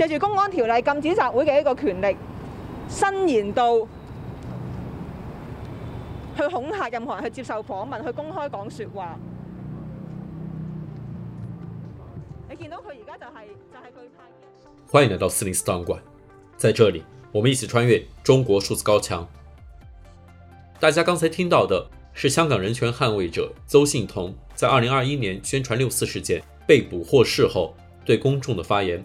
借住公安條例禁止集會嘅一個權力，伸延到去恐嚇任何人去接受訪問，去公開講説話。你見到佢而家就係、是、就係佢拍嘅。歡迎嚟到四零四檔案館，在這裡，我們一起穿越中國數字高牆。大家剛才聽到的是香港人權捍衛者鄒幸彤在二零二一年宣傳六四事件被捕獲釋後對公眾的發言。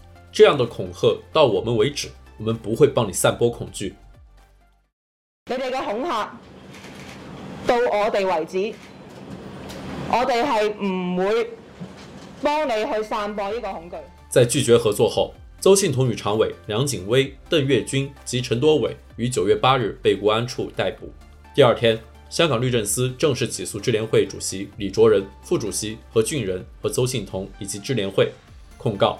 這樣的恐嚇到我們為止，我們不會幫你散播恐懼。你哋嘅恐嚇到我哋為止，我哋係唔會幫你去散播呢個恐懼。在拒絕合作後，鄒幸彤與常委梁景威、鄧月君及陳多偉於九月八日被國安處逮捕。第二天，香港律政司正式起訴支聯會主席李卓人、副主席何俊仁和鄒幸彤以及支聯會，控告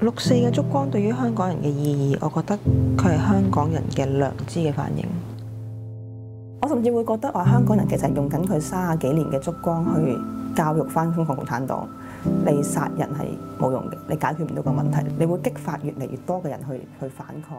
六四嘅燭光對於香港人嘅意義，我覺得佢係香港人嘅良知嘅反應。我甚至會覺得，我話香港人其實用緊佢三十幾年嘅燭光去教育翻中國共產黨，你殺人係冇用嘅，你解決唔到個問題，你會激發越嚟越多嘅人去去反抗。